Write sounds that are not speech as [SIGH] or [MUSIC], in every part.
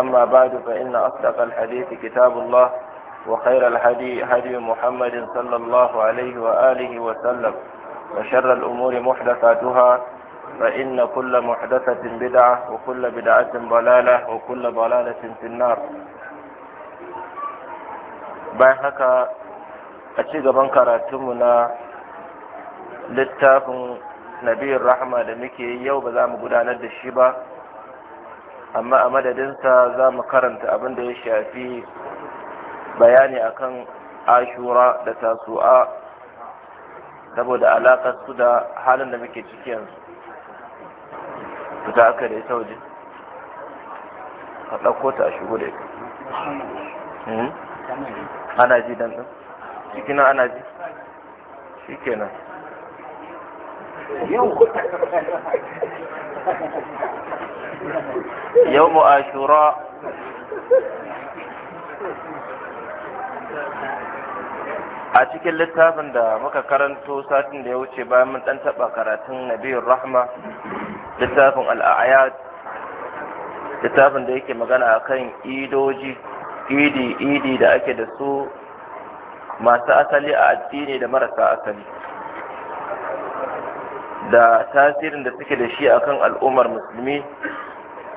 أما بعد فإن أصدق الحديث كتاب الله وخير الهدي هدي محمد صلى الله عليه وآله وسلم وشر الأمور محدثاتها فإن كل محدثة بدعة وكل بدعة ضلالة وكل ضلالة في النار bayan haka a ci gaban karatunmu na littafin nabiyar rahama da muke yau ba za mu gudanar da shi ba amma a madadinsa za mu karanta abin da ya shafi bayani akan ashura da tasu'a saboda alaƙar su da halin da muke cikin su ta aka da ya sauji a ɗauko ta shigo da ya hmm? ana ji dan ɗin cikin ana ji shi kenan yau ashura a cikin littafin da muka karanto satin da ya wuce bayan mun dan taba karatun nabiyur rahma littafin al'ayat littafin da yake magana akan idoji idi idi da ake da su masu asali a addini da marasa asali da tasirin da suke da shi akan al'ummar musulmi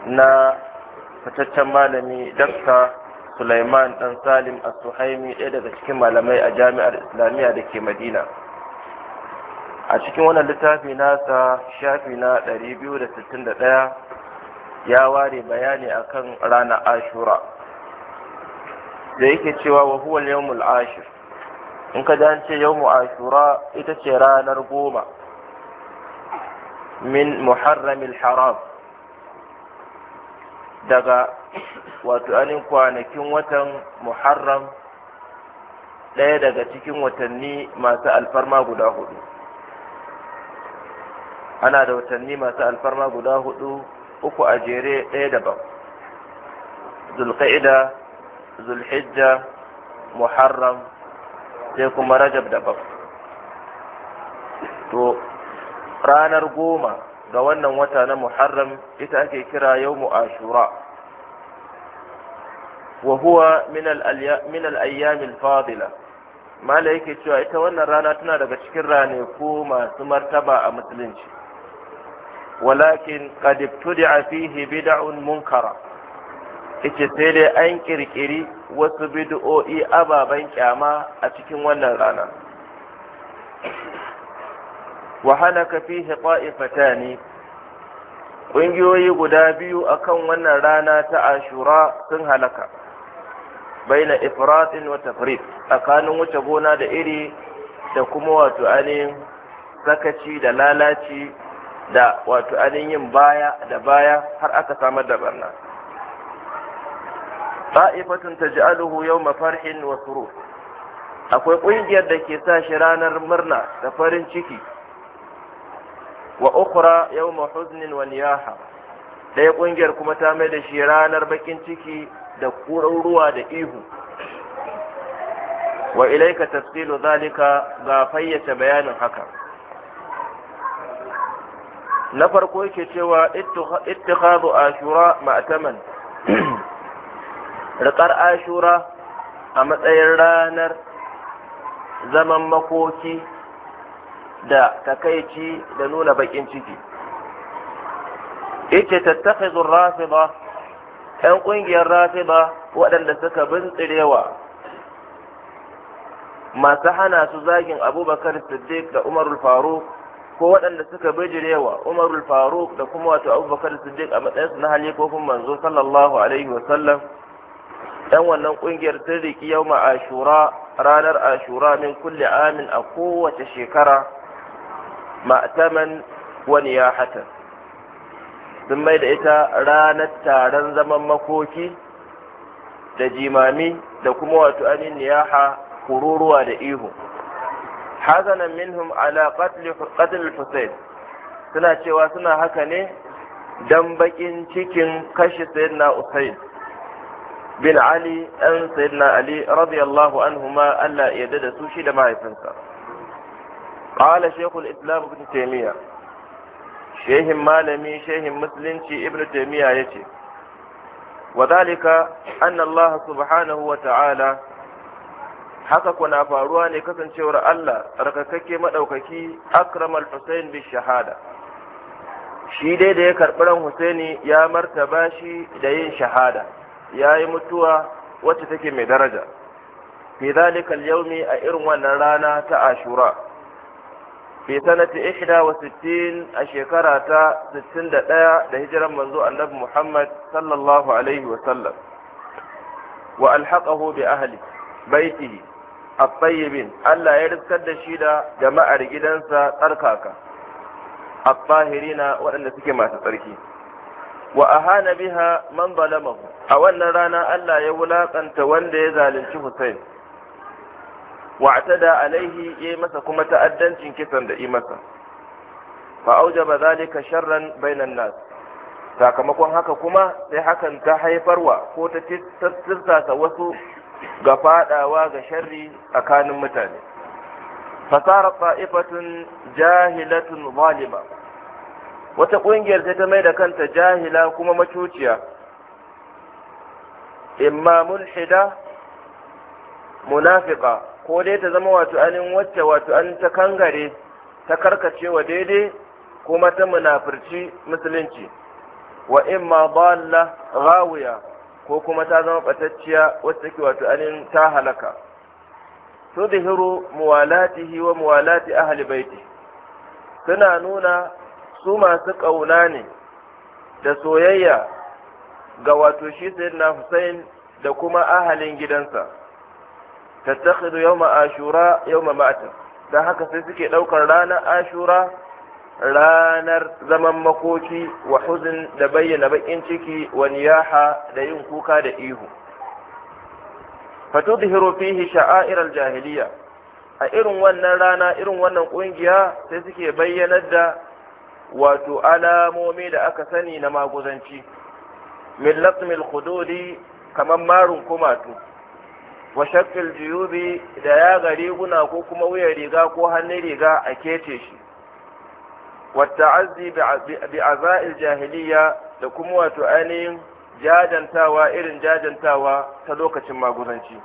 na fitaccen malami dakta Sulaiman dan Salim a suhaimi ɗaya daga cikin malamai a Jami'ar Islamiyya da ke Madina. A cikin wannan littafi nasa shafi na 261 ya ware bayani akan ranar Ashura. Da yake cewa wa huwa yawmul ashir. In ka dan ce yawmu Ashura ita ce ranar goma min Muharramil Haram daga wato anin kwanakin watan muharram ɗaya daga cikin watanni masu alfarma guda hudu ana da watanni masu alfarma guda hudu uku a jere ɗaya daban zulqa'ida zulhijja muharram sai kuma rajab daban to ranar goma ga wannan wata na muharram ita ake kira yawmu ashura wa huwa min al-ayyam al-fadila mala cewa ita wannan rana tana daga cikin ranaku masu martaba a musulunci walakin qad ibtudi'a fihi bid'un munkara ita sai dai an kirkiri wasu bid'o'i ababen kyama a cikin wannan rana wa halaka fihi qa'ifatani ƙungiyoyi guda biyu akan wannan rana ta ashura sun halaka baina ifratin wa tafrit tsakanin wuce gona da iri da kuma wato ainihin sakaci da lalaci da wato ainihin yin baya da baya har aka samar da barna ta'ifatun taj'aluhu yawma farhin wa surur akwai ƙungiyar da ke sa shi ranar murna da farin ciki wa ukhra yawma huznin wa niyaha ɗaya ƙungiyar kuma ta mai da shi ranar bakin ciki da kururuwa da ihu wa ilaika tafsilu zalika ga fayyace bayanin haka na farko yake cewa ittikhadu ashura ma'taman [CLEARS THROAT] riƙar ashura a matsayin ranar zaman makoki da takaici da nuna bakin ciki yace tattakhidhu rafida ɗan ƙungiyar rafida waɗanda suka bintsirewa masu hana su zagin abubakar siddiq da umarul faruk ko waɗanda suka bijirewa umarul faruk da kuma wato abubakar siddiq a matsayinsu na hali ko kuma manzo sallallahu alaihi wa sallam, ɗan wannan ƙungiyar sun riki yau ashura ranar ashura min kulle amin a kowace shekara ma'taman wa niyahatan sun mai da ita ranar taron zaman makoki da jimami da kuma wato anin niyaha kururuwa da ihu hazanan minhum ala qatl husayn suna cewa suna haka ne dan bakin cikin kashe sayyidina usayn bin ali an sayyidina ali radiyallahu anhuma Allah yadda da su shi da mahaifinsa qala shaykhul islam ibn taymiya shehin malami shehin musulunci ibn taymiya yace wa zalika anna subhanahu wa ta'ala haka kuna faruwa ne kasancewar Allah tsarkakakke maɗaukaki akramal Hussein bi shahada shi dai da ya karɓi ran Husaini ya martaba shi da yin shahada ya yi mutuwa wacce take mai daraja fi zalika al a irin wannan rana ta Ashura fi sanati ihda wa sittin a shekara ta sittin da ɗaya da hijiran manzo annabi muhammad sallallahu alaihi wa sallam wa alhaqahu bi ahli baitihi at-tayyibin Allah ya riskar da shi da jama'ar gidansa tsarkaka at-tahirina waɗanda suke masu tsarki wa ahana biha man zalamahu a wannan rana Allah ya wulakanta wanda ya zalunci Hussein wa'tada alaihi yayi masa kuma ta'addancin kisan da yi masa fa aujaba zalika sharran bainan nas sakamakon haka kuma sai hakan ta haifarwa ko ta ta wasu ga fadawa ga sharri tsakanin mutane fasara ta'ifatun jahilatun zalima wata kungiyar sai ta mai da kanta jahila kuma macuciya imma mulhida munafiqa ko dai ta zama wato anin wacce wato an ta kangare ta karkacewa daidai kuma ta munafurci musulunci wa in ma dalla ghawiya ko kuma ta zama batacciya wacce take wato anin ta halaka tudhiru muwalatihi wa muwalati ahli baiti suna nuna su masu kauna ne da soyayya ga wato shi sayyidina Hussein da kuma ahalin gidansa tattakhidu yawma ashura yawma ma'atin dan haka sai suke daukar ranar ashura ranar zaman makoki wa huzn da bayyana bakin ciki wa niyaha da yin kuka da ihu fatudhiru fihi sha'air aljahiliya a irin wannan rana irin wannan kungiya sai suke bayyanar da wato alamomi da aka sani na maguzanci min latmil khududi kamar marun kumatu wa shakkil juyubi da ya ga riguna ko kuma wuyan riga ko hannun riga a kece shi wa ta'azzi bi aza'il jahiliya da kuma wato ainihin jajantawa irin jajantawa ta lokacin maguzanci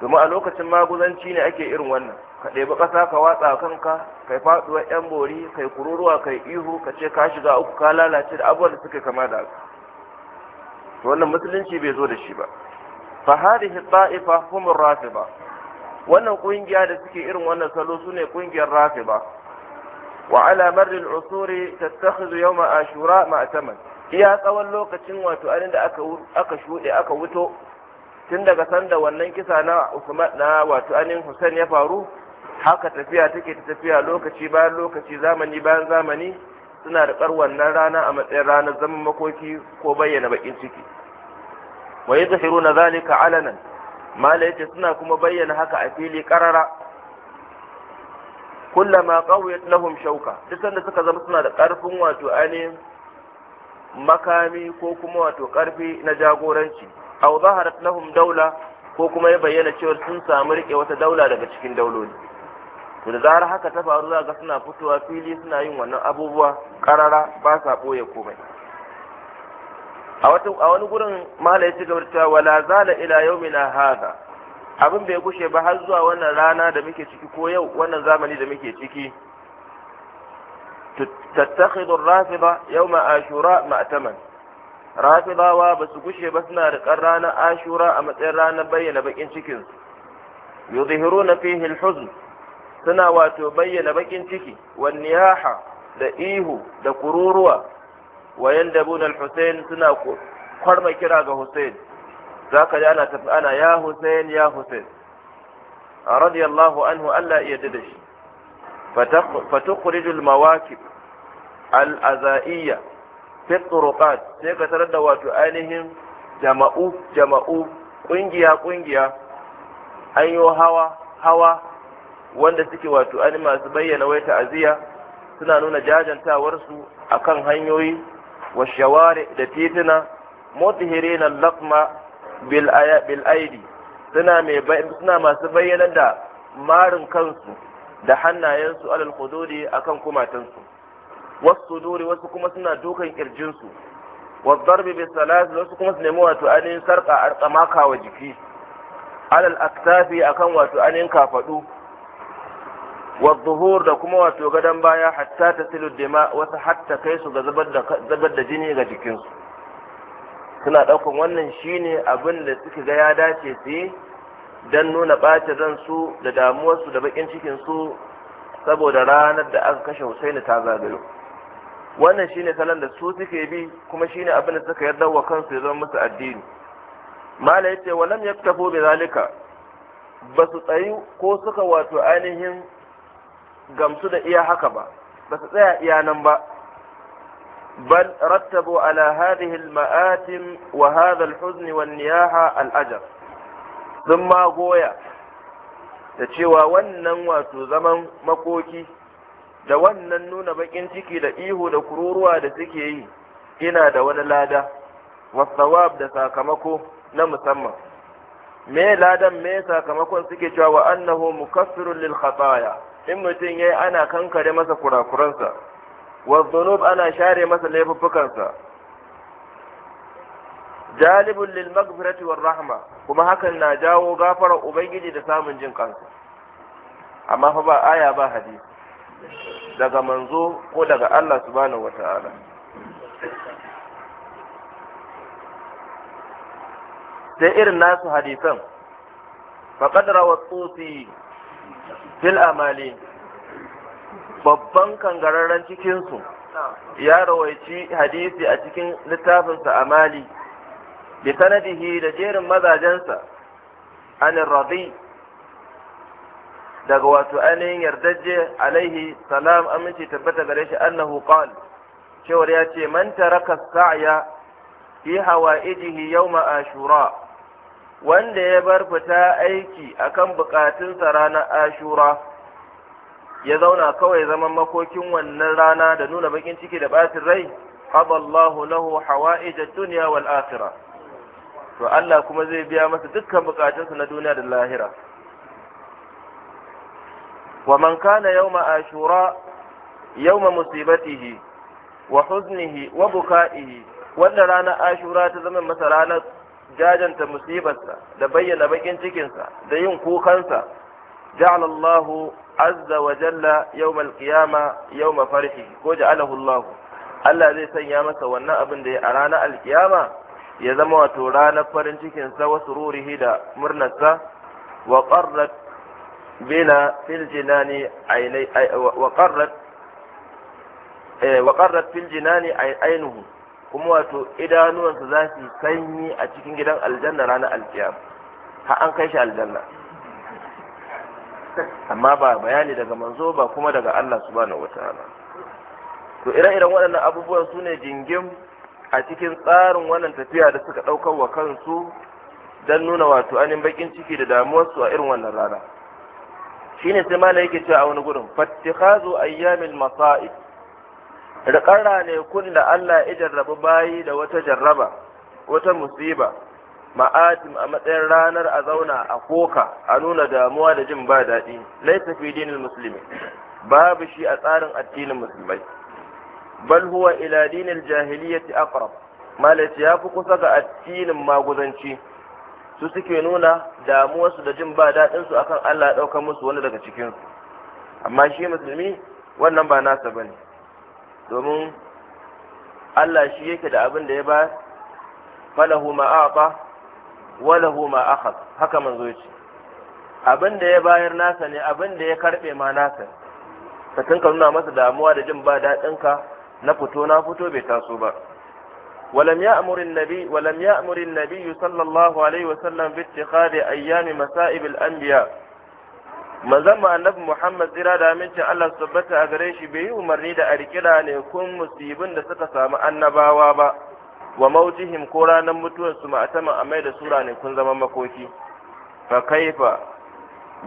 domin a lokacin maguzanci ne ake irin wannan ka ɗebi kasa ka watsa kanka kai faɗuwar yan bori kai kururuwa kai ihu ka ce ka shiga uku ka lalace da abubuwan da suka kama da haka wannan musulunci bai zo da shi ba fa hadhihi ta'ifa hum rafiba wannan kungiya da suke irin wannan salo sune kungiyar rafiba wa ala marri al-usuri tattakhidhu yawma ashura ma'taman iya tsawon lokacin wato an da aka aka shude aka wuto tun daga sanda wannan kisa na Usman na wato anin ya faru haka tafiya take ta tafiya lokaci bayan lokaci zamani bayan zamani suna da wannan rana a matsayin ranar zaman makoki ko bayyana bakin ciki wa na zalika alanan mala yace suna kuma bayyana haka a fili karara kullama qawiyat lahum shauka duk sanda suka zama suna da karfin wato ainihin makami ko kuma wato karfi na jagoranci aw zaharat lahum daula ko kuma ya bayyana cewa sun samu rike wata daula daga cikin dauloli to da zarar haka ta faru za ga suna fitowa fili suna yin wannan abubuwa karara ba sa ɓoye komai a wani gurin malai ya ci gaba cewa wala zala ila yaumina hada abin bai gushe ba har zuwa wannan rana da muke ciki ko yau wannan zamani da muke ciki tattakhidu rafida yawma ashura ma'taman rafidawa ba su gushe ba suna riƙar ranar ashura a matsayin ranar bayyana bakin cikin su yuzhiruna fihi al-huzn suna wato bayyana bakin ciki wan niyaha da ihu da kururuwa Wayan da al suna kwarma kira ga Za zaka ji ana tafi ana ya hussein ya A radiyallahu anhu Allah iya dade shi fatukhrij al-mawakib al-azaiyya fi turuqat sai ka tarar da wato ainihin jama'u jama'u kungiya kungiya an yi hawa hawa wanda suke wato ainihin masu bayyana wai ta'aziyya suna nuna jajantawarsu akan hanyoyi wa shawari da tituna, mutahirina lakma bil aidi suna masu bayyana da marin kansu da hannayensu alal hududi kan kumatansu wasu duri wasu kuma suna dukan kirjinsu wadarbi bi salas wasu kuma su nemi wato ainihin sarka a tsamaka wa jiki alal aktafi akan wato ainihin kafadu والظهور da kuma wato gadon baya hatta ta silu dima wasu hatta kai su ga zubar da jini ga jikinsu suna ɗaukan wannan shine abin da suke ga ya dace su yi don nuna ɓace ransu da damuwarsu da baƙin cikinsu saboda ranar da aka kashe Husaini ta zagayo wannan shine salon da su suke bi kuma shine abin da suka yarda wa kansu ya zama musu addini mala yace walam yaktafu bi zalika basu tsayu ko suka wato ainihin gamsu da iya haka ba ba su tsaya iya nan ba bal rattabu ala hadhihi al-ma'atim wa hadha al-huzn wa niyaha al-ajr sun goya da cewa wannan wato zaman makoki da wannan nuna bakin ciki da ihu da kururuwa da suke yi ina da wani lada wa wasawab da sakamako na musamman me ladan me sakamakon suke cewa wa annahu mukaffirun lil khataya in mutum yayi ana kankare masa kurakuransa wa dhunub ana share masa laifuffukansa jalibun lil maghfirati war rahma kuma hakan na jawo gafara ubangiji da samun jin kansa amma fa ba aya ba hadisi daga manzo ko daga Allah subhanahu wata'ala sai irin nasu hadisan faqad rawat tusi fil amali babban kangararren cikinsu ya rawaici hadisi a cikin littafinsa amali bi sanadihi da jerin mazajensa an radi daga wato ainihin yardajje alaihi salam aminci tabbata gare shi annahu qal cewar ya ce man taraka sa'ya fi hawaijihi yawma ashura wanda ya bar fita aiki akan bukatunsa ranar ashura ya zauna kawai zaman makokin wannan rana da nuna bakin ciki da batin rai qaballahu lahu hawa'ij ad-dunya wal akhirah to Allah kuma zai biya masa dukkan bukatunsa na duniya da lahira wa man kana yawma ashura yawma musibatihi wa huznihi wa buka'ihi wannan ranar ashura ta zama masa ranar jajanta musibarsa da bayyana bakin cikinsa da yin kukansa ja'alallahu Allah azza wa jalla yawmal qiyama yawma farhi ko ja'alahu Allah zai sanya masa wannan abin da ya a ranar alkiyama ya zama wato ranar farin cikin sa wa sururihi da murnarsa wa qarrat bina fil jinani ainai wa qarrat eh, wa qarrat fil jinani ainuhu kuma wato idanuwansa za su sanyi a cikin gidan aljanna ranar alkiyama har an kai shi aljanna amma ba bayani daga manzo ba kuma daga Allah subhanahu wataala to ire-iren waɗannan abubuwan su ne jingim a cikin tsarin wannan tafiya da suka ɗaukar wa kansu don nuna wato anin bakin ciki da damuwarsu a irin wannan rana shine sai mala yake cewa a wani gurin fattihazu ayyamil masa'ib Rikar kun da Allah ya jarrabu bayi da wata jarraba wata musiba ma'atim a matsayin ranar a zauna a koka a nuna damuwa da jin ba daɗi laisa fi dinin musulmi babu shi a tsarin addinin musulmai bal huwa ila dinil jahiliyyati aqrab malaci ya fi kusa ga addinin maguzanci su suke nuna damuwarsu da jin ba daɗinsu akan Allah ya ɗaukar musu wani daga cikinsu amma shi musulmi wannan ba nasa bane domin Allah shi yake da abin da ya ba falahu ma a'ta wa lahu ma haka manzo yace abin da ya bayar nasa ne abin da ya karbe ma nasa ka tunka nuna masa damuwa da jin ba daɗin ka na fito na fito bai taso ba ولم يأمر النبي ولم يأمر النبي صلى الله عليه وسلم باتخاذ أيام مسائب الأنبياء manzon mu annabi Muhammad zira da amincin Allah su tabbata a gare shi bai yi umarni da a rikira ne kun musibin da suka samu annabawa ba wa mautihim ko ranar mutuwar su ma'atama a mai da sura ne kun zama makoki fa kaifa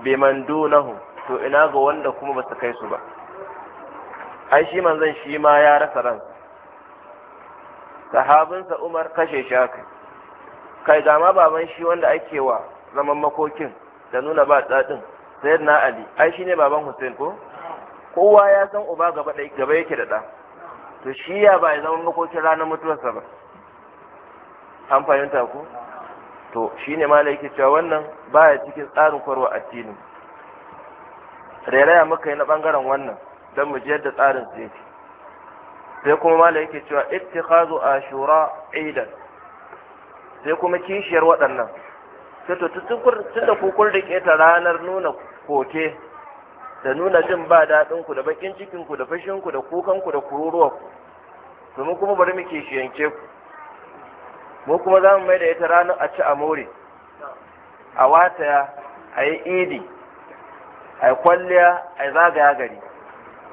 bi man dunahu to ina ga wanda kuma ba su kai su ba ai shi manzon shi ma ya rasa ran sahabinsa Umar kashe shi haka kai dama baban shi wanda ake wa zaman makokin da nuna ba tsadin na ali ai shine baban hussein ko kowa ya san uba gaba gaba yake da ɗa to shi ya ba ya zama makokin ranar mutuwarsa ba an fahimta ko to shine ma yake cewa wannan baya cikin tsarin kwarwa addini rairaya muka yi na bangaren wannan don mu jiyar yadda tsarin su sai kuma mala yake cewa ittikhazu ashura aidan sai kuma kishiyar waɗannan sai to tun da kukun rike ta ranar nuna koke da nuna jin ba daɗin ku da bakin cikin ku da fashin ku da kukan ku da kururuwa ku domin kuma bari muke shiyance shiyanke ku mu kuma za mu mai da ita ranar a ci a more a wataya a yi idi a kwalliya a yi zagaya gari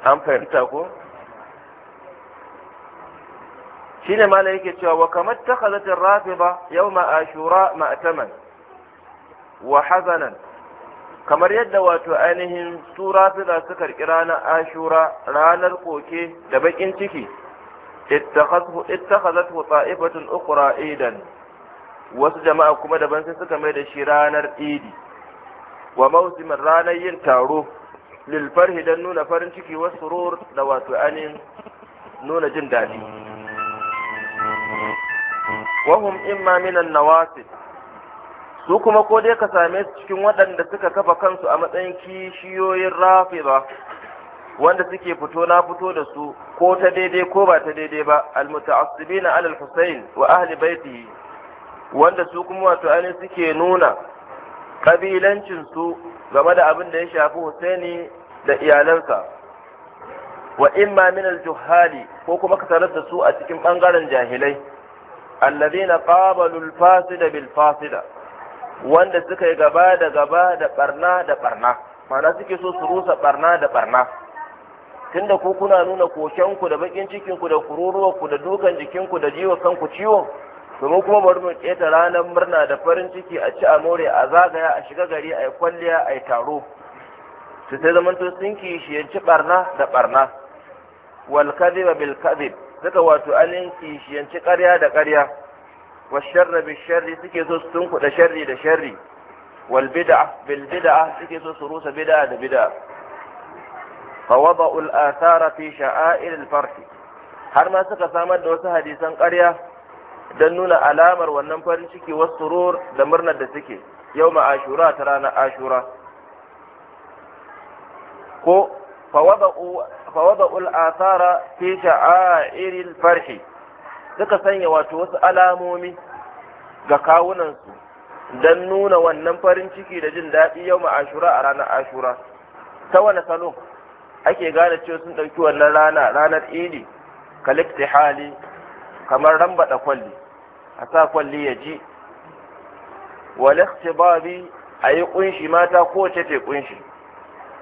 an fahimta ko shine mala yake cewa wa kamar takhazatir rafiba yawma ashura ma'taman wa hazanan kamar yadda wato ainihin su rafida suka ranar ashura ranar koke da bakin ciki ittakhazathu ta'ifatun ukhra idan wasu jama'a kuma daban sai suka mai da shi ranar idi wa mausimin ranar yin taro lil farhi dan nuna farin ciki wa surur da wato anin nuna jin daɗi wahum imma minan nawasit su kuma ko dai ka same su cikin waɗanda suka kafa kansu a matsayin kishiyoyin ba wanda suke fito na fito da su ko ta daidai ko ba ta daidai ba almuta'assibina ala alal husayn wa ahli baitihi wanda su kuma wato ainihin suke nuna Kabilancinsu game da abin da ya shafi Husaini da iyalansa wa imma min al-juhali ko kuma ka tarar da su a cikin bangaren jahilai alladhina qabalu al-fasida bil fasida wanda suka yi gaba da gaba da barna da barna mana suke so su rusa barna da barna tunda ku kuna nuna kokenku da bakin cikinku da kururuwarku da dukan jikinku da jiwa kanku ciwo domin kuma bari mu keta ranar murna da farin ciki a ci a more a zagaya a shiga gari a yi kwalliya a taro su sai zamanto sun kishiyanci barna da barna wal kadhiba bil kadhib suka wato alin kishiyanci ƙarya da ƙarya wa sharra bi sharri suke so su tunkuɗa da sharri wal bid'a bil suke so su rusa bid'a da bid'a fa wada'u al fi sha'air al farq har ma suka samar da wasu hadisan karya don nuna alamar wannan farin ciki wasu surur da murnar da suke yau ma ta ranar ashura ko fa wada'u fi sha'air al farhi suka sanya wato wasu alamomi ga kawunansu don nuna wannan farin ciki da jin daɗi yau ma ashura a ranar ashura ta wani salo ake gane cewa sun ɗauki wannan rana ranar idi kalikti hali kamar rambaɗa kwalli a sa kwalli ya ji wal babi a yi ƙunshi mata kowace ce ƙunshi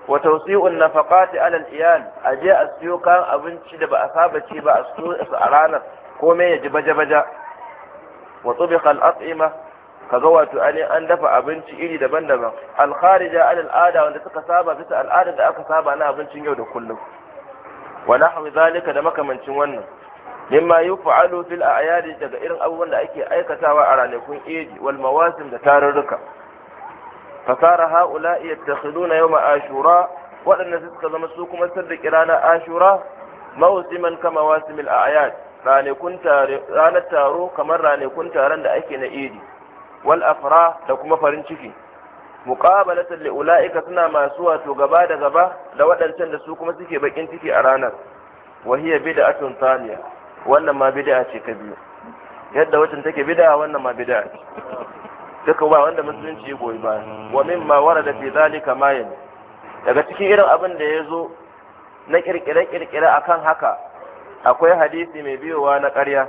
wa tawsi'un nafaqati alal iyali. A aje a siyo kayan abinci da ba a saba ci ba a siyo a ranar komai ya ji baja baja wa tubiqa al-at'ima kaga wato ani an dafa abinci iri daban-daban al-kharija wanda suka saba bisa al'adar da aka saba na abincin yau da kullum wa nahwi zalika da makamancin wannan mimma yuf'alu a a'yad daga irin abubuwan da ake aikatawa a ranakun idi wal mawasim da tarurruka fasara haula yattakhiduna yawma ashura waɗanda suka zama su kuma sadda ranar ashura mawsiman kama wasimil ayat ranar taro kamar ranakun taron da ake na idi wal afra da kuma farin ciki muqabalatan li ulaika suna masu wato gaba da gaba da waɗancan da su kuma suke bakin ciki a ranar wa hiya bid'atun thaniya wannan ma bid'a ce ta yadda wacin take bid'a wannan ma bid'a ce duka ba wanda musulunci ya goyi ba wa warada fi zalika ma daga cikin irin abin da ya zo na kirkire kirkire akan haka akwai hadisi mai biyowa na ƙarya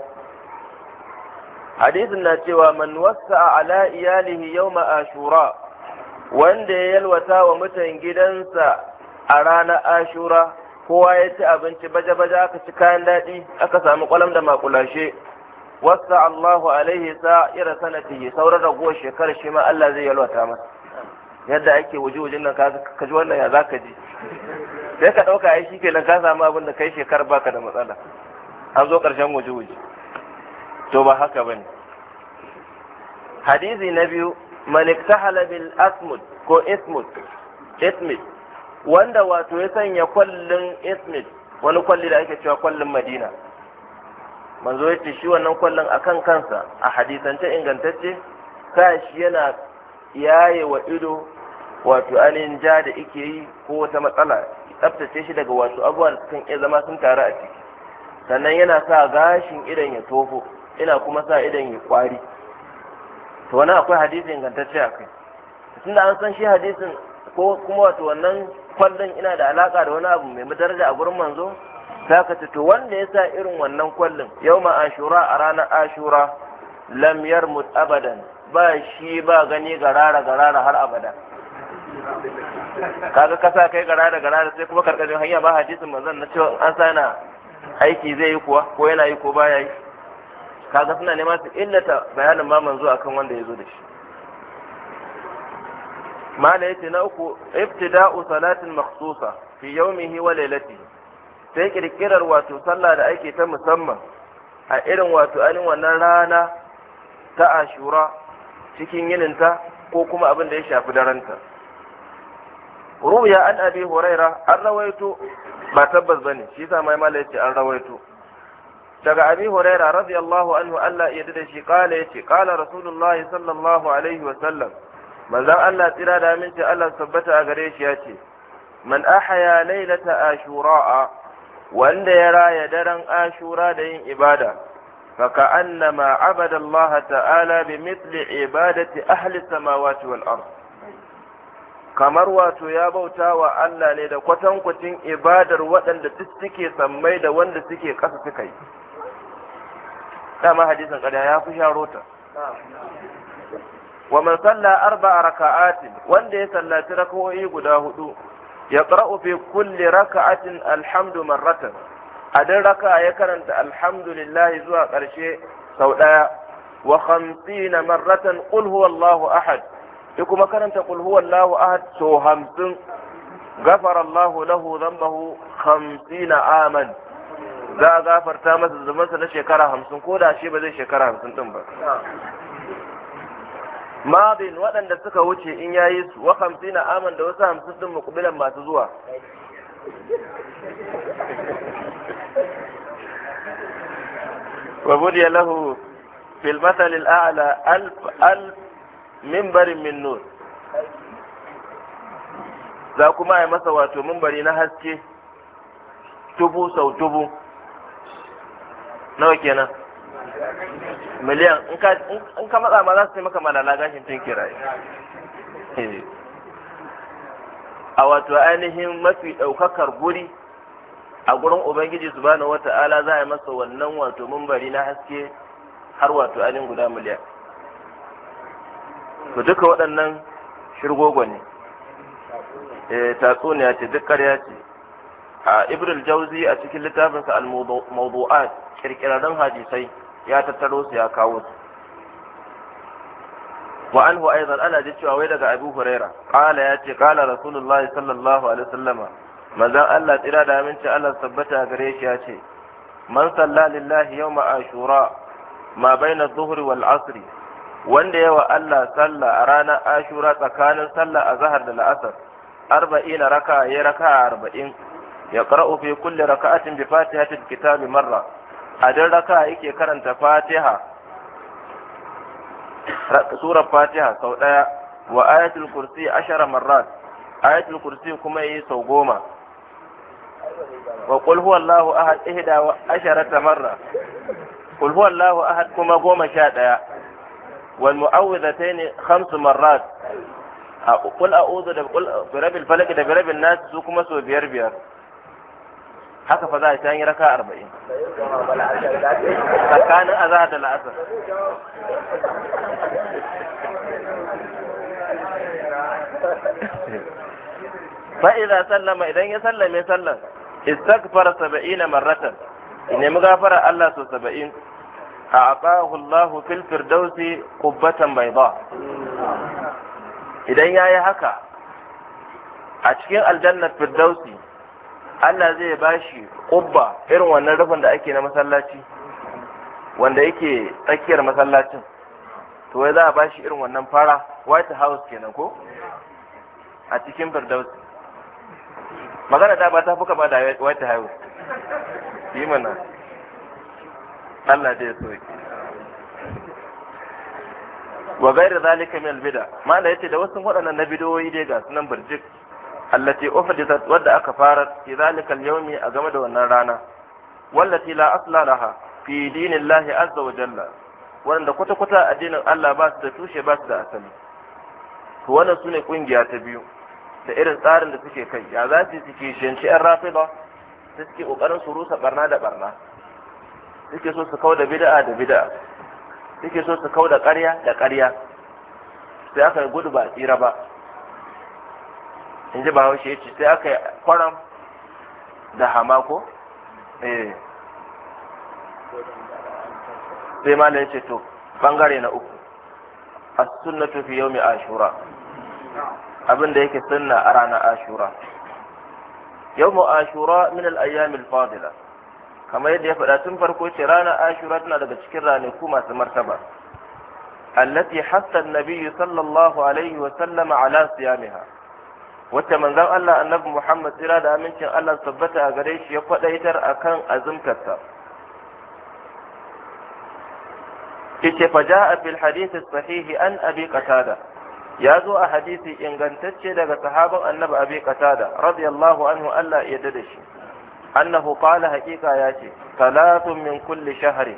hadisin na cewa man wasa ala iyalihi yawma ashura wanda ya yalwata wa mutan gidansa a ranar ashura kowa ya ci abinci baje-baje aka ci kayan daɗi aka samu kwalam da makulashe wasa Allahu alaihi sa'ira sanatihi sauran ragowar shekarar shi ma Allah zai yalwata masa yadda ake waje-wajen nan ka ji wannan ya za ka ji sai ka ɗauka ai shi kenan ka samu abin da kai shekarar baka da matsala an zo ƙarshen wuji-wuji. to ba haka ba ne hadisi na biyu man iktahala bil asmud ko ismud ismid wanda wato ya sanya kwallin ismid wani kwalli da ake cewa kwallin madina manzo ya ce shi wannan kwallon a kan kansa a hadisance ingantacce kashi shi yana yaye wa ido wato ainihin ja da ike yi ko wata matsala tsaftace shi daga wasu abubuwa da sukan iya zama sun taru a ciki sannan yana sa gashin idan ya tofo ina kuma sa idan ya kwari to wani akwai hadisi ingantacce a kai tunda an san shi hadisin ko kuma wato wannan kwallon ina da alaka da wani abu mai daraja a gurin manzo saka to wanda ya sa irin wannan kwallon, yau ma ashura a ranar ashura lam yarmut abadan ba shi ba gani garara garara har abada kaga sa kai garara garara sai kuma karkashin hanya ba hadisin manzon na cewa an sana aiki zai yi kuwa ko yana yi ko baya yi kaga suna neman su illata bayanin ma manzo akan wanda ya zo da shi mala yace na uku ibtida'u salatin makhsusa fi yawmihi wa lailatihi sai kirkirar wato sallah da ake ta musamman a irin wato ainihin wannan rana ta ashura cikin yininta ko kuma abin da ya shafi daranta ruya an abi huraira an rawaito ba tabbas ba ne shi mai mala ya ce an rawaito daga abi huraira radiyallahu anhu allah ya da shi kala ya ce kala rasulullahi sallallahu alaihi wa sallam manzan allah tsira da aminci allah tabbata a gare shi ya ce man ahaya lailata ashura'a wanda ya raya daren ashura da yin ibada faka annama abada Allah ta'ala bi mithli ibadati ahli samawati wal ard kamar wato ya bauta wa Allah ne da kwatankwacin ibadar waɗanda duk suke sammai da wanda suke ƙasa suka yi dama hadisin ƙarya ya fi sharota wa man salla arba'a raka'atin wanda ya sallaci raka'o'i guda hudu ya yaqra'u fi kulli raka'atin alhamdu marratan a dan raka'a ya karanta alhamdulillahi zuwa ƙarshe sau ɗaya wa khamsina marratan qul huwallahu ahad ya kuma karanta qul huwallahu ahad sau hamsin غفر الله له ذنبه hamsina aman za a gafarta masa zumansa na shekara hamsin ko da shi ba zai shekara hamsin din ba madin waɗanda suka wuce in yayi su wa hamsina aman da wasu hamsin din muqbilan masu zuwa wa budiya lahu fil mathal al a'la alf min barin min nur za kuma ya masa wato minbari na haske tubu sau tubu nawa kenan miliyan in ka matsa ma za su maka mana gashin tun kiraye eh. a wato ainihin mafi ɗaukakar guri a gurin ubangiji wata ala za a yi masa wannan wato mumbari na haske har wato ainihin guda miliyan to duka waɗannan shirgogo ne eh, tatsuniya ce duk ƙarya ce a ibril jauzi a cikin littafinsa al-mawdu'at kirkirarren hadisai ya tattaro su ya kawo su wa anhu aidan ana ji cewa wai daga abu huraira qala ya ce qala rasulullahi sallallahu alaihi wasallama manzon Allah tsira da aminci Allah tabbata gare shi ya ce man salla lillahi yawma ashura ma baina dhuhri wal asri wanda yawa Allah salla a ranar ashura tsakanin a azhar da la'asar arba'in raka ya raka arba'in ya qara'u fi kulli raka'atin bi fatihatil kitabi marra a dan raka yake karanta fatiha surar fatiha sau ɗaya wa ayatul kursi ashara marrat ayatul kursi kuma yi sau goma wa qul huwallahu ahad ihda wa asharata marra qul huwallahu ahad kuma goma sha ɗaya wal mu'awwidhatayn khams marrat a qul a'udhu da bi rabbil falaq da bi rabbin nas su kuma sau biyar biyar haka fa za a shan yi raka arba'in tsakanin azahar da la'asar fa'iza sallama idan ya sallame sallar istakfara saba'ina marratan in nemi gafara Allah so saba'in a abahu Allahu fil firdausi kubbatan bai ba idan ya yi haka a cikin aljannar firdausi Allah zai bashi ƙubba irin wannan rufin da ake na masallaci wanda yake tsakiyar masallacin to ya za a bashi irin wannan fara white house kenan ko a cikin firdaus magana ta ba ta fuka ba da white house yi mana Allah zai ya so wa gairar zalika min albida mala yace da wasu waɗannan na bidoyi dai ga sunan birjik allati uhdithat wadda aka fara fi zalikal yawmi a game da wannan rana wallati la asla laha fi dinillahi azza wa jalla wanda kwata kwata addinin Allah ba su da tushe ba su da asali to wannan sune kungiya ta biyu da irin tsarin da suke kai ya za su suke shanci yan rafida su suke kokarin su rusa barna da barna suke so su kauda bid'a da bid'a suke so su kauda ƙarya da ƙarya sai aka gudu ba tsira ba in ji bahaushe ya ce sai aka yi kwaram da hama ko eh sai ma ya ce to bangare na uku A as sunnatu fi yawmi ashura abin da yake sunna a ranar ashura yawmu ashura min al ayyam al fadila kamar yadda ya faɗa tun farko ce ranar ashura tana daga cikin ranaku masu martaba allati hatta an-nabi sallallahu alaihi wa sallama ala siyamiha wacce manzon Allah annabi Muhammad tsira da amincin Allah tabbata a gare shi ya kwadaitar akan azumtarsa yace fa a fil hadisi sahihi an abi qatada ya zo a hadisi ingantacce daga sahaban annabi abi qatada radiyallahu anhu Allah ya dade shi annahu qala haqiqa ya ce salatun min kulli shahrin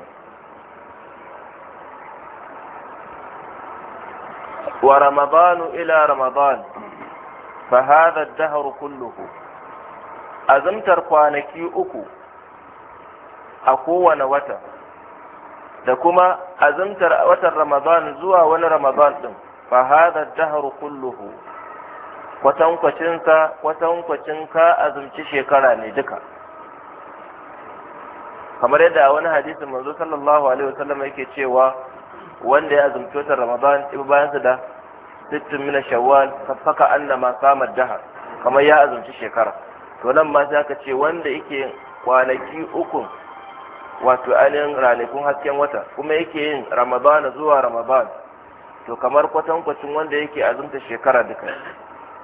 wa ramadanu ila ramadan fa hadha ad-dahr kulluhu azumtar kwanaki uku a kowane wata da kuma azumtar watan ramadan zuwa wani ramadan din fa hada ad-dahr kulluhu kwatankwacin ka kwacin ka azumci shekara ne duka kamar yadda a wani hadisin manzo sallallahu alaihi wasallam yake cewa wanda ya azumci watan ramadan ibi bayansa da sittin mina shawwal anna annama samar dahar kamar ya azumci shekara to nan ma sai aka ce wanda yake kwanaki uku wato ainihin ranakun hasken wata kuma yake yin ramadana zuwa ramadan to kamar kwatankwacin wanda yake azumta shekara duka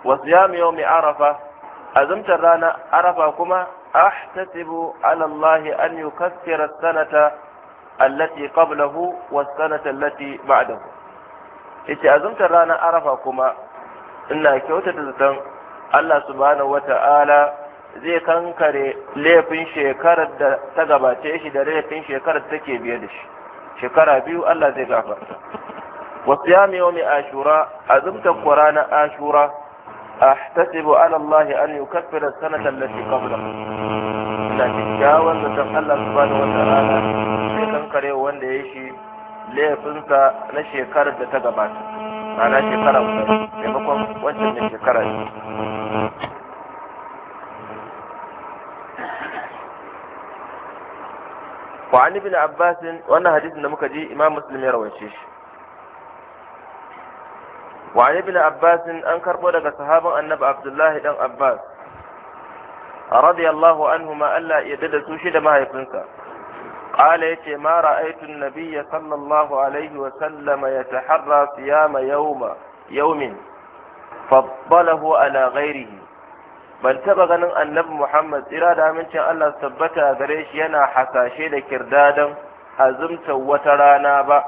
wasu ya miyau mai arafa azumtar rana arafa kuma ahtasibu ala Allah an yukassira sanata allati qablahu was sanata allati ba'dahu yace azumtar ranar arafa kuma ina kyautata zaton Allah subhanahu wata'ala zai kankare laifin shekarar da ta gabace shi da laifin shekarar da take biye da shi shekara biyu Allah zai gafarta wa siyami yawmi ashura azumta ranar ashura ahtasibu ala Allah an yukaffira sanata allati qabla ina kyakkyawan zaton Allah subhanahu wata'ala zai kankare wanda ya shi laifinsa na shekarar da ta gabata ma'ana shekarar da wuta maimakon wancan da shekarar ne wa'ani bin abbasin wannan hadisin da muka ji imam muslim ya rawance shi wa'ani bin abbasin an karbo daga sahabin annabi abdullahi dan abbas radiyallahu anhu ma'alla ya dada su shi da mahaifinsa قال يتي ما رأيت النبي صلى الله عليه وسلم يتحرى صيام يوم يوم فضله ala غيره ban taba ganin annabi Muhammad tsira da amincin Allah tabbata gare shi yana hasashe da kirdadan azumta wata rana ba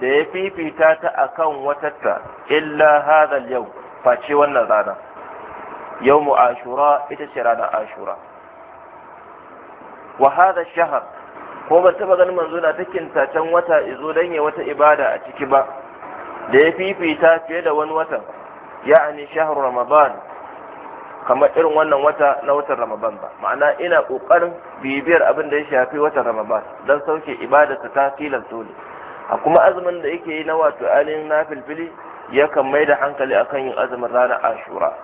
da ya fifita ta akan watatta illa hadal yau face wannan rana yawmu ashura ita ce ranar ashura wa shahar ko ban taba ganin manzo na takin can wata izo dan ya wata ibada a ciki ba da ya fifita fiye da wani watan ya'ani shahru ramadan kamar irin wannan wata na watan ramadan ba ma'ana ina kokarin bibiyar abin da ya shafi watan ramadan dan sauke ibadarsa ta tilan dole a kuma azumin da yake yi na wato alin na filfili yakan mai da hankali akan yin azumin ranar ashura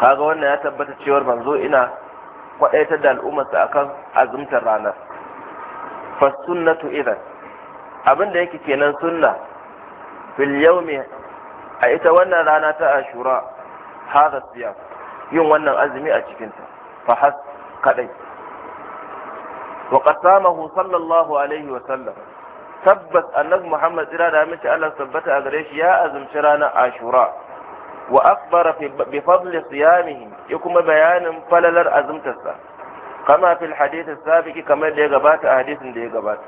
kaga wannan ya tabbata cewar manzo ina kwadaitar da al'ummarsa akan azumtar ranar fasunnatu idan abin da yake kenan sunna fil a ita wannan rana ta ashura hada siya yin wannan azumi a cikinta fa has kadai wa qasamahu sallallahu alaihi wa sallam tabbas annabi muhammad tsira da mace Allah tabbata a gare shi ya azumci ranar ashura wa akbara bi fadli siyamihi ya kuma bayanin falalar azumtarsa kama fil hadith sabiki kamar da ya gabata a hadisin da ya gabata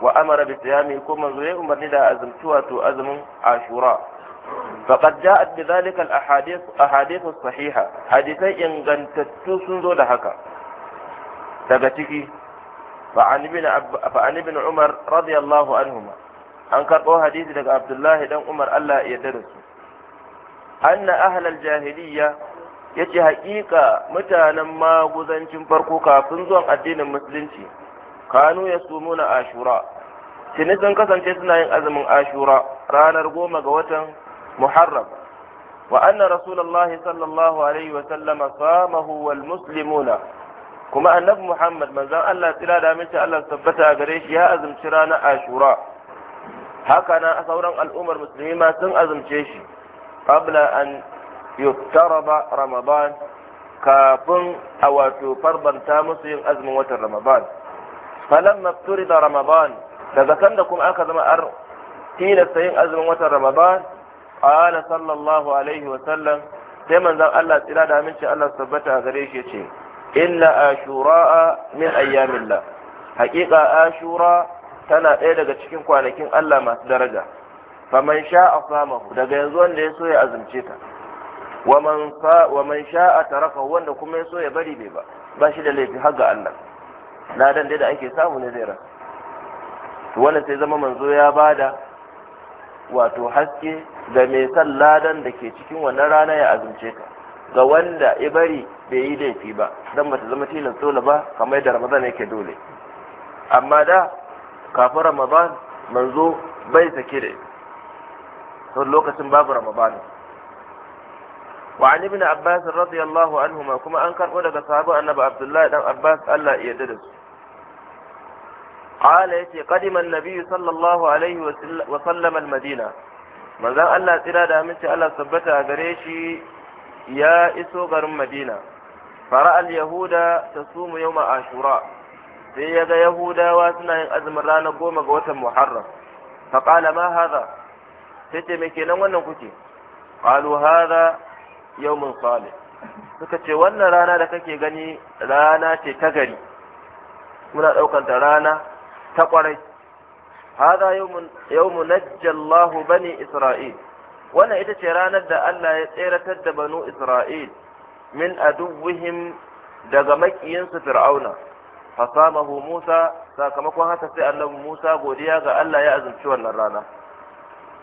wa amara bi siyami ko manzo ya umarni da azumtu wato azumin ashura faqad ja'at bi dhalika al ahadith ahadith sahiha hadithai ingantattu sun zo da haka daga ciki fa'an ibn umar radiyallahu anhuma an karɓo hadisi daga abdullahi dan umar allah ya yarda da su anna ahlal jahiliya yace haƙiƙa mutanen maguzancin farko kafin zuwan addinin musulunci kanu ya sumuna ashura tuni sun kasance suna yin azumin ashura ranar goma ga watan muharram wa anna rasulullahi sallallahu alaihi wa sallama samahu wal muslimuna kuma annabi muhammad manzon allah tsira da aminci allah tabbata gare shi ya azumci ranar ashura haka na sauran al'ummar musulmi ma sun azumce shi qabla an yuttaraba ramadan kafin a wato farbanta musu yin azumin watan ramadan falamma da ramadan daga kan kuma aka zama ar tilasta yin azumin watan ramadan qala sallallahu alaihi wa sallam sai manzon Allah tsira da aminci Allah tabbata a gare shi ce inna ashura min ayyamillah haqiqa ashura tana ɗaya daga cikin kwanakin Allah masu daraja faman sha'a samahu daga yanzu wanda ya so ya azumce ta wa man sha'a taraka wanda kuma ya so ya bari bai ba ba shi da laifi har ga Allah ladan dai da ake samu ne zai rasa wannan sai zama manzo ya bada wato haske da mai san ladan da ke cikin wannan rana ya azumce ka ga wanda ya bari bai yi laifi ba dan ta zama tilan tsola ba kamar da Ramadan yake dole amma da kafin Ramadan manzo bai sake da don lokacin babu ramadana wa an ibn abbas radiyallahu anhuma kuma an karbo daga sahabu annabi abdullahi dan abbas Allah ya yarda da su qala yace qadima an-nabi sallallahu alaihi wa sallam al-madina manzon Allah tsira da aminci Allah tabbata a gare shi ya iso garin madina fara al-yahuda tasumu yawma ashura sai ya ga yahudawa suna yin azumin ranar goma ga watan muharram faqala ma hadha sai ce me kenan wannan kuke qalu hadha yawmun salih suka ce wannan rana da kake gani rana ce ta gari muna ɗaukanta ta rana ta kwarai hadha yawmun yawmun najjallahu bani isra'il wannan ita ce ranar da Allah ya tseratar da banu Isra'il min aduwwihim daga makiyinsu Fir'auna fasamahu Musa sakamakon haka sai Allah Musa godiya ga Allah ya azumci wannan rana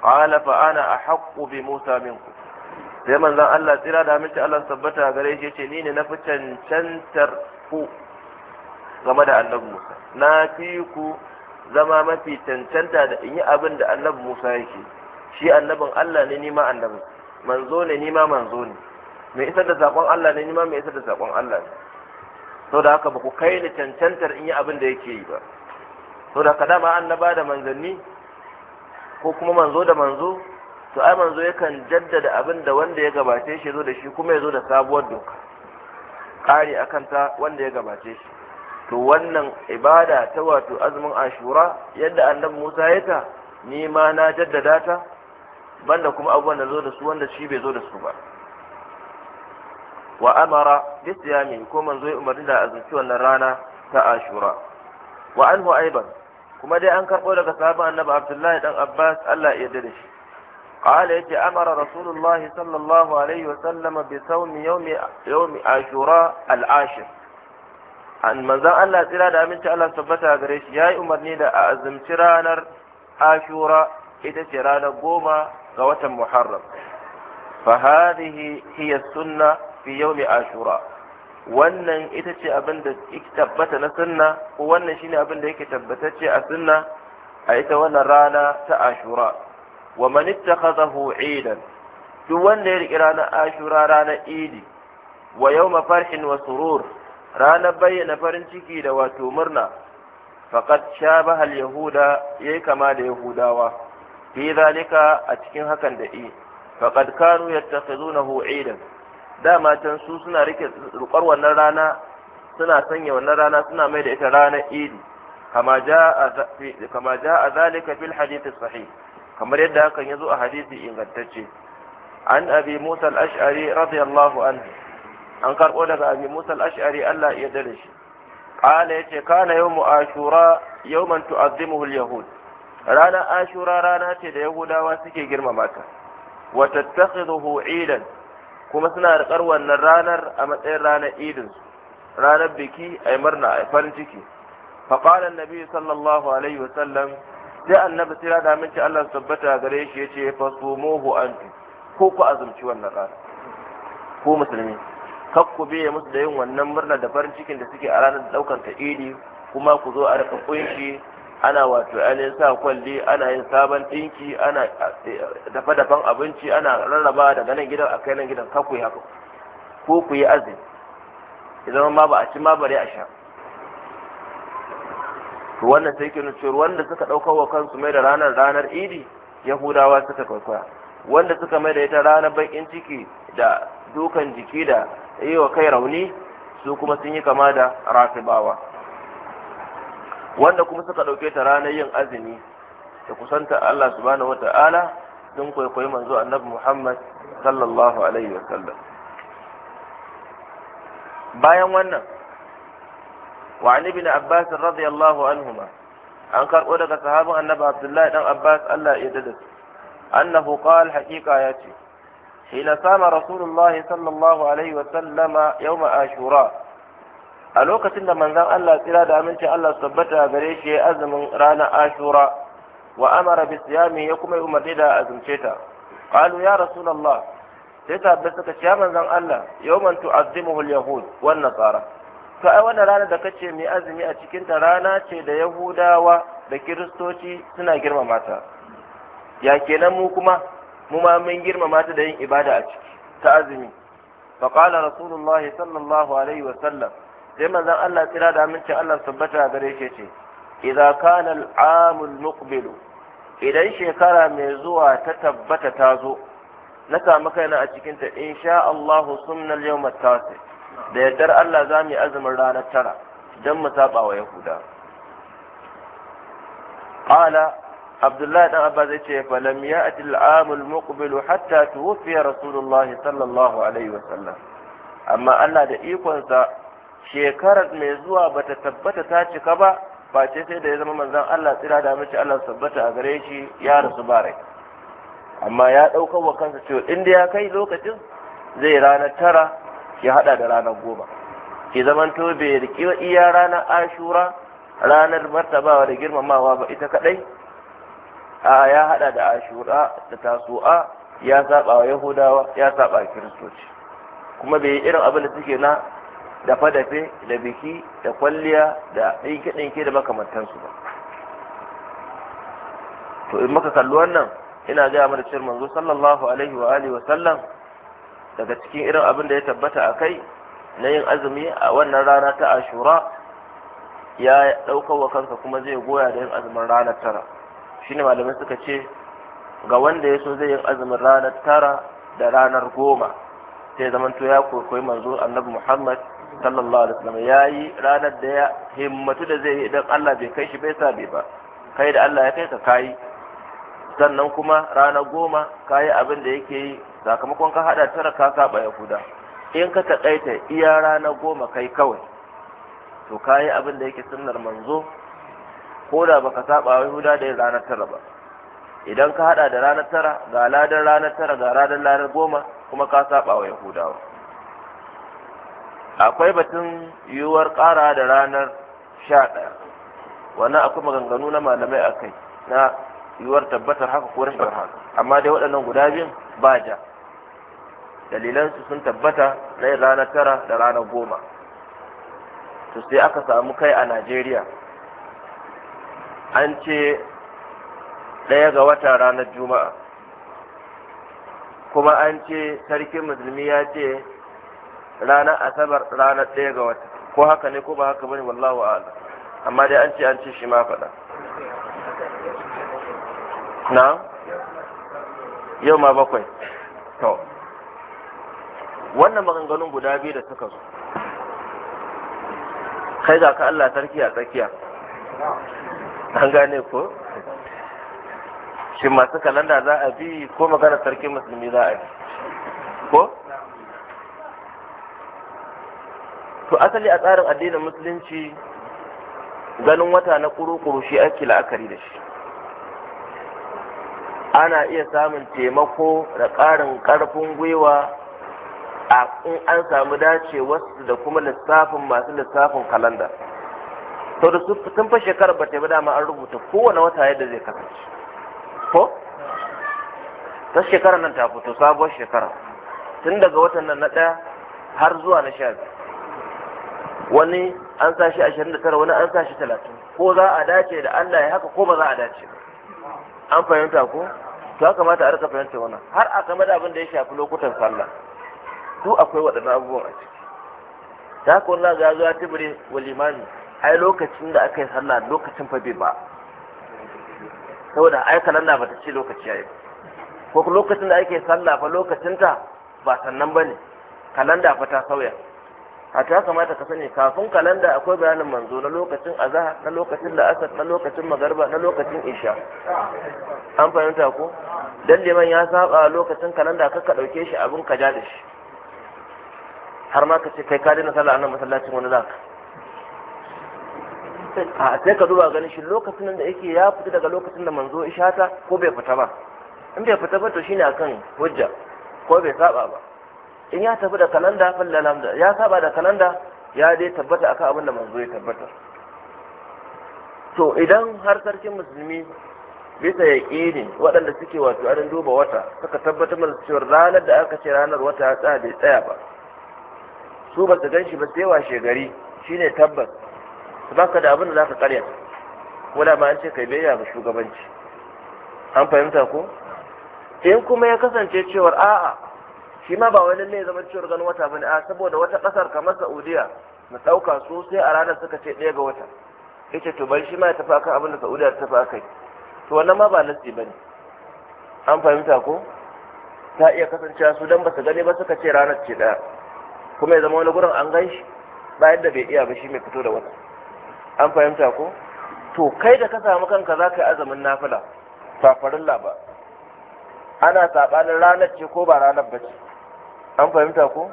qala fa ana ahqqu bi musa minkum sai manzon Allah tsira da miki Allah tabbata gare shi yace ni ne na fi cancantar ku game da annabi Musa na fi ku zama mafi cancanta da in yi abin da annabi Musa yake shi annabin Allah ne nima annabi manzo ne nima manzo ne mai isar da sakon Allah ne nima mai isar da sakon Allah ne to da haka ba ku kai ni cancantar in yi abin da yake yi ba to da haka ma annaba da manzanni ko kuma manzo da manzo to ai manzo yakan jaddada abin da wanda ya gabace shi zo da shi kuma ya zo da sabuwar doka Kari akan ta wanda ya gabace shi to wannan ibada ta wato azumin ashura yadda annabi musa ya ta ni ma na jaddada ta banda kuma abubuwan da zo da su wanda shi bai zo da su ba wa amara bisiyami ko manzo ya umarni da azumci wannan rana ta ashura wa anhu aiban kuma dai an karɓo daga sahabban annabi abdullahi dan abbas allah ya dade shi قال amara أمر sallallahu alaihi wa sallama عليه وسلم بصوم يوم يوم an manzan Allah tsira da aminci Allah tabbata a gare shi ya yi umarni da a azumci ranar ashura ita ce ranar goma ga watan muharram fa hadhihi hiya sunna fi yawmi ashura wannan ita ce abin da tabbata na sunna ko wannan shine abin da yake tabbatacce a sunna a ita wannan rana ta ashura wa man ittakhadahu eidan duk wanda ya riƙi ranar ashura ranar idi wa yawma farhin wa surur ranar bayyana farin ciki da wato murna faqad shabaha al-yahuda yayi kama da yahudawa fi zalika a cikin hakan da i faqad kanu yattakhidunahu eidan dama can su suna rike rukar wannan rana suna sanya wannan rana suna mai da ita ranar idi kama ja a zalika fil hadithi sahih kamar yadda hakan ya zo a hadithi ingantacce an abi musa al-ash'ari radiyallahu anhu an karɓo daga abi musa al-ash'ari Allah ya dare shi qala yace kana yawmu ashura yau yawman tu'azzimuhu al-yahud rana ashura rana ce da yahudawa suke girmama ta wa tattakhidhuhu 'idan kuma suna riƙar wannan ranar a matsayin ranar idin ranar biki a yi murna a farin ciki faƙala nabi sallallahu alaihi wasallam sai annabi sai da aminci Allah tabbata gare shi ya ce fasumuhu antu ko ku azumci wannan rana ko musulmi 'Kar ku biye musu da yin wannan murna da farin cikin da suke a ranar ɗaukar ta idi kuma ku zo a rika kunshi ana wato ainihin sa kwalli ana yin sabon ɗinki ana eh, dafa-dafan abinci ana rarraba daga nan gidan a kai nan gidan kakwai haka ko ku yi azin idan ma ba a ci ma bare a sha to wannan sai ke nuna wanda suka ɗaukar wa kansu mai da ranar ranar idi yahudawa suka kwaikwaya wanda suka mai da ita ranar bakin ciki da dukan jiki da yi wa kai rauni su kuma sun yi kama da rasibawa wanda kuma suka ɗauke ta ranar yin azumi da kusanta Allah subhanahu Ta'ala, sun kwaikwayi manzo annabi Muhammad sallallahu alaihi wa sallam. bayan wannan wa an ibn Abbas radiyallahu anhuma an karɓo daga sahabin annabi Abdullahi dan Abbas Allah ya dada. su annahu qala haqiqa ya ce hina sama rasulullahi sallallahu alaihi wa wasallama yawma ashura a lokacin da manzon Allah tsira da aminci Allah su tabbata gare shi ya azumin ranar Ashura wa amara bi siyami ya kuma umarni da azumce ta qalu ya rasulullah sai sabbi suka ce manzan manzon Allah yawman tu'azzimuhu alyahud yahud wan nasara to ai wannan rana da kace mai azumi a cikin ta rana ce da yahudawa da kiristoci suna girmama ta ya kenan mu kuma mu ma mun girmama ta da yin ibada a ciki ta azumi fa qala rasulullah sallallahu alaihi wa sallam sai manzon Allah kira da aminci Allah tabbata gare shi ce idza kana al-amul muqbilu idan shekara mai zuwa ta tabbata ta zo na samu kaina a cikin ta insha Allah sunnal yawm at-tasi da yardar Allah za mu yi azumin ranar tara dan mu saba wa yahuda qala abdullahi dan abba zai ce fa lam ya'ti al amul muqbil hatta tuwfiya rasulullah sallallahu alaihi wa sallam amma Allah da ikonsa shekarar mai zuwa bata tabbata ta cika ba ba ce sai da ya zama manzan Allah tsira da mace Allah tabbata a gare shi ya rasu ba rai amma ya ɗaukar wa kansa cewa inda ya kai lokacin zai ranar tara ya hada da ranar goma ki zaman to bai wa iya ranar ashura ranar martabawa da girmamawa ba ita kaɗai? a ya haɗa da ashura da tasu'a ya saba wa yahudawa ya saba kiristoci kuma bai irin abin da suke na da fadafe da biki da kwalliya da ɗinke-ɗinke da makamantansu ba to in maka kalli wannan ina gaya mana cewa manzo sallallahu alaihi wa alihi wa sallam daga cikin irin abin da ya tabbata a kai na yin azumi a wannan rana ta ashura ya ɗaukar wa kansa kuma zai goya da yin azumin ranar tara shine malamai suka ce ga wanda ya so zai yin azumin ranar tara da ranar goma sai zamanto ya koyi manzo annabi muhammad sallallahu alaihi wasallam yayi ranar da ya himmatu da zai yi idan Allah bai kai shi bai sabe ba kai da Allah ya kai ka kai sannan kuma ranar goma yi abin da yake yi sakamakon ka hada tara ka saba yahuda in ka takaita iya ranar goma kai kawai to kayi abin da yake sunnar manzo ko da baka saba yahuda da ranar tara ba idan ka hada da ranar tara ga ladan ranar tara ga ladan ranar goma kuma ka saba wa yahudawa akwai batun yiwuwar ƙara da ranar sha ɗaya wannan akwai maganganu na malamai a kai na yiwuwar tabbatar haka ko rashin haka amma dai waɗannan guda biyun ba ja dalilansu sun tabbata na yin ranar tara da ranar goma to sai aka samu kai a najeriya an ce ɗaya ga wata ranar juma'a kuma an ce sarkin musulmi ya ce ranar asabar ranar ɗaya ga wata ko haka ne ko ba haka bane wallahu a'ala amma dai an ce an ce shi ma faɗa na yau ma bakwai to wannan maganganun guda biyu da suka zo kai ga ka Allah sarki a tsakiya an gane ko shi masu kalanda za a bi ko maganar sarki musulmi za a bi to asali a tsarin addinin musulunci ganin wata na kuru-kuru shi ake la'akari da shi ana iya samun taimako da ƙarin ƙarfin gwiwa a in an samu wasu da kuma lissafin masu lissafin kalanda To da sun fa shekarar ba taimada ma an rubuta kowane wata yadda zai kasance ko ta shekarar nan ta fito sabuwar shekara tun daga watan nan na ɗaya har zuwa na sha biyu wani an sa shi 29 wani an sa shi 30 ko za a dace da Allah ya haka ko ba za a dace an fahimta ko to haka kamata a rika fahimta wannan har a game da abin da ya shafi lokutan sallah Su akwai waɗannan abubuwan a ciki ta haka wani ga zuwa tibirin wa ai lokacin da aka yi sallah lokacin fa bai ba saboda ai kalanda bata ce lokaci yayi ko lokacin da ake sallah fa lokacin ta ba sannan bane kalanda fa ta sauya a ta kamata ka sani kafin kalanda akwai bayanin manzo na lokacin azaha na lokacin la'asar na lokacin magarba na lokacin isha an fahimta ko dan liman ya saba lokacin kalanda ka ka dauke shi abin ka da shi har ma ka ce kai ka daina sallah nan masallacin wani zaka a sai ka duba ganin shi lokacin da yake ya fita daga lokacin da manzo isha ta ko bai fita ba in bai fita ba to shine akan hujja ko bai saba ba in ya tafi da kananda fallal hamda ya saba da kananda ya dai tabbata akan abin da manzo ya tabbata to idan har sarkin musulmi bisa ya kini waɗanda suke wato an duba wata suka tabbatar mana cewa ranar da aka ce ranar wata ta bai tsaya ba su ba su gan shi ba sai washe gari shine tabbas su baka da abin da za ka karya ko da ma an ce kai biyayya ga shugabanci an fahimta ko in kuma ya kasance cewar a'a shi ma ba wani ne zama cewar ganin wata bane a saboda wata kasar kamar Saudiya na dauka su sai a ranar suka ce ɗaya ga wata yace to bari shi ma ya tafi akan abin da Saudiya ta tafi akai to wannan ma ba nasi bane an fahimta ko ta iya kasancewa su dan ba su gani ba suka ce ranar ce ɗaya kuma ya zama wani gurin an gan shi ba yadda bai iya ba shi mai fito da wata an fahimta ko to kai da ka samu kanka za ka yi azumin nafila ba farilla ba ana saɓanin ranar ce ko ba ranar ba ce an fahimta ko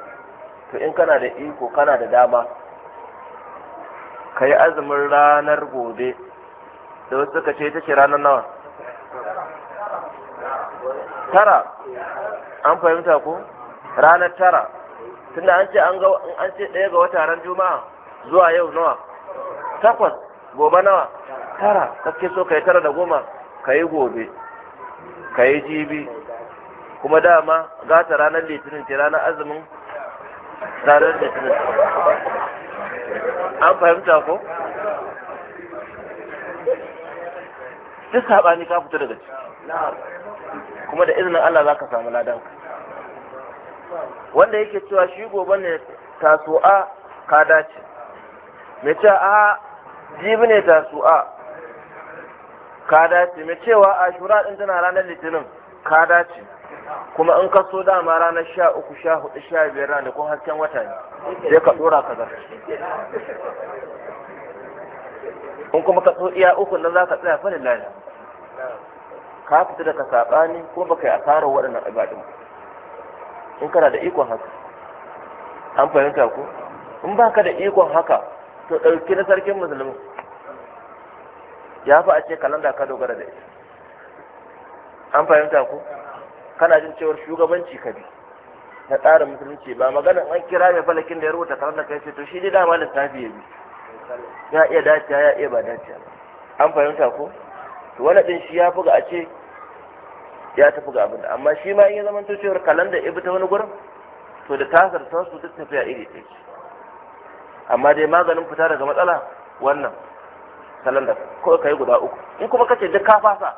to in kana da iko kana da dama ka yi azumin ranar gobe da wasu suka ce ita ce ranar nawa tara an fahimta ko ranar tara tunda an ce an ga an ce ɗaya ga wata ran juma'a zuwa yau nawa takwas gobe nawa tara kake so ka yi tara da goma ka yi gobe ka yi jibi kuma dama gata ranar litinin ce ranar azumin ranar litinin an fahimta ko duk saɓani ka fito daga ciki kuma da izinin Allah za ka samu ladan wanda yake cewa shi gobe ne tasu'a ka dace mai cewa a jibi ne tasu'a ka dace mai cewa ashura din tana ranar litinin ka dace kuma in ka so dama ranar sha uku sha hudu sha biyar ranakun hasken wata ne sai ka dora ka zarta in kuma ka so iya uku nan za ka tsaya fa lillahi ka fita daga sabani ko baka yi asara waɗannan ibadun in kana da ikon haka an fahimta ko in baka da ikon haka to ɗauki na sarkin musulmi ya fi a ce kalanda ka dogara da ita an fahimta ko kana jin cewar shugabanci ka bi na tsarin musulunci ba maganar an kira mai falakin da ya rubuta kamar da kai ce to shi dai dama lissafi ya bi ya iya dacewa ya iya ba dacewa an fahimta ko to wani din shi ya buga a ce ya tafi ga abin amma shi ma in ya zama to cewar kalanda ya bi ta wani gurin to da tasar ta su duk tafiya iri ɗaya amma dai maganin fita daga matsala wannan kalanda ko kai guda uku in kuma kace duk ka fasa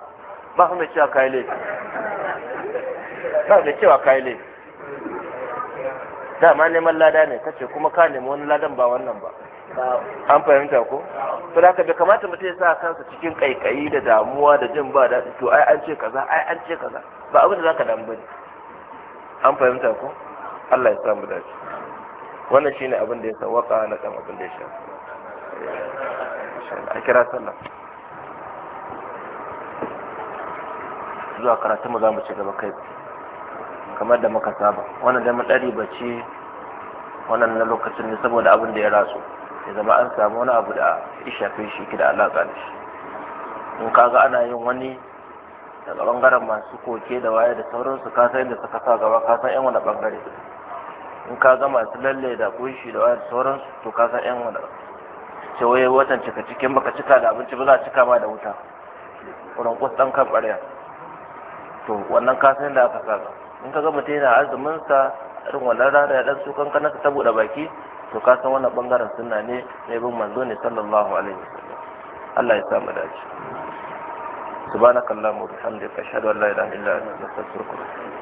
ba fa mai cewa kai laifi ba da cewa kai ne dama neman lada ne kace kuma ka nemi wani ladan ba wannan ba an fahimta ko to da haka bai kamata mutum ya sa kansa cikin kaikayi da damuwa da jin ba daɗi to ai an ce kaza ai an ce kaza ba abin da zaka damu bane an fahimta ko Allah ya samu dace wannan shine abin da ya sa waka na kan abin da ya sha a kira sallah zuwa karatu mu za mu ci gaba kai kamar da muka saba wannan da madari bace wannan na lokacin ne saboda abin da ya ratsu ya zama an samu wani abu da ya shafe shi ke da alaƙa da shi in kaga ana yin wani daga bangaren masu koke da waye da sauransu ka san da suka sa gaba ka san yan wani bangare in ka ga masu lalle da kunshi da waye da sauransu to ka san yan wani ce waye watan cika cikin baka cika da abinci ba za a cika ma da wuta wurin kusan kan ɓarya to wannan ka san da aka sa in ka ga mutum yana azumin sa irin wannan rana ya dan su kankana ta bude baki to ka san wannan bangaren sunna ne ne bin manzo ne sallallahu alaihi wasallam Allah ya sa mu dace subhanakallahumma wa bihamdika ashhadu an la ilaha illa anta astaghfiruka wa atubu